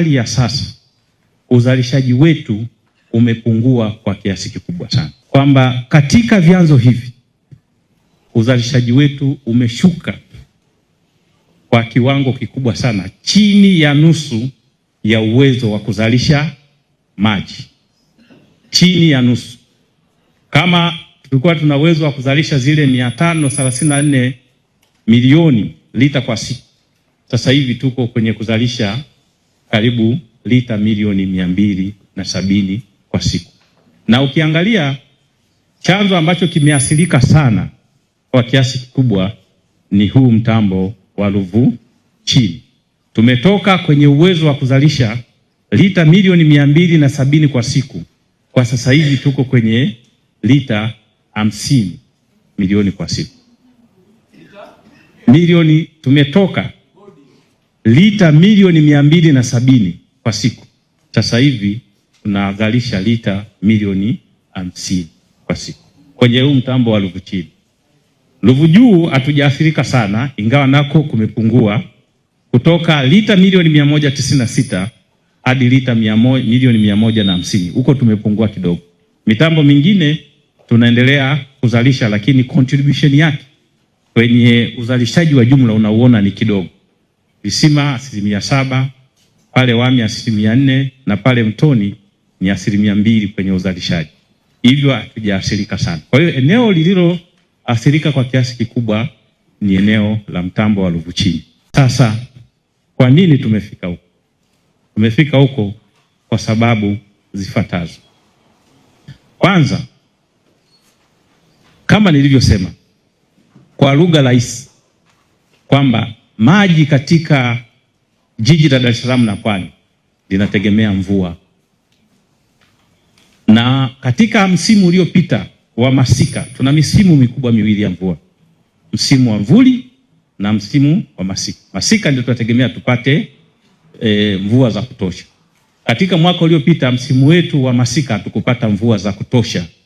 Hali ya sasa uzalishaji wetu umepungua kwa kiasi kikubwa sana, kwamba katika vyanzo hivi uzalishaji wetu umeshuka kwa kiwango kikubwa sana, chini ya nusu ya uwezo wa kuzalisha maji, chini ya nusu. Kama tulikuwa tuna uwezo wa kuzalisha zile 534 milioni lita kwa siku, sasa hivi tuko kwenye kuzalisha karibu lita milioni mia mbili na sabini kwa siku, na ukiangalia chanzo ambacho kimeathirika sana kwa kiasi kikubwa ni huu mtambo wa Ruvu chini. Tumetoka kwenye uwezo wa kuzalisha lita milioni mia mbili na sabini kwa siku, kwa sasa hivi tuko kwenye lita hamsini milioni kwa siku milioni tumetoka lita milioni mia mbili na sabini kwa siku. Sasa hivi tunaghalisha lita milioni hamsini kwa siku kwenye huu mtambo wa Ruvu Chini. Ruvu Juu hatujaathirika sana, ingawa nako kumepungua kutoka lita milioni mia moja tisini na sita hadi lita milioni mia moja na hamsini huko tumepungua kidogo. Mitambo mingine tunaendelea kuzalisha, lakini contribution yake kwenye uzalishaji wa jumla unauona ni kidogo visima asilimia saba, pale Wami asilimia nne na pale Mtoni ni asilimia mbili kwenye uzalishaji, hivyo hatujaathirika sana. Kwa hiyo eneo lililoathirika kwa kiasi kikubwa ni eneo la mtambo wa Ruvu Chini. Sasa kwa nini tumefika huko? Tumefika huko kwa sababu zifuatazo. Kwanza, kama nilivyosema kwa lugha rahisi kwamba Maji katika jiji la Dar es Salaam na Pwani linategemea mvua, na katika msimu uliopita wa masika tuna misimu mikubwa miwili ya mvua, msimu wa mvuli na msimu wa masika. Masika ndio tunategemea tupate e, mvua za kutosha. Katika mwaka uliopita msimu wetu wa masika hatukupata mvua za kutosha.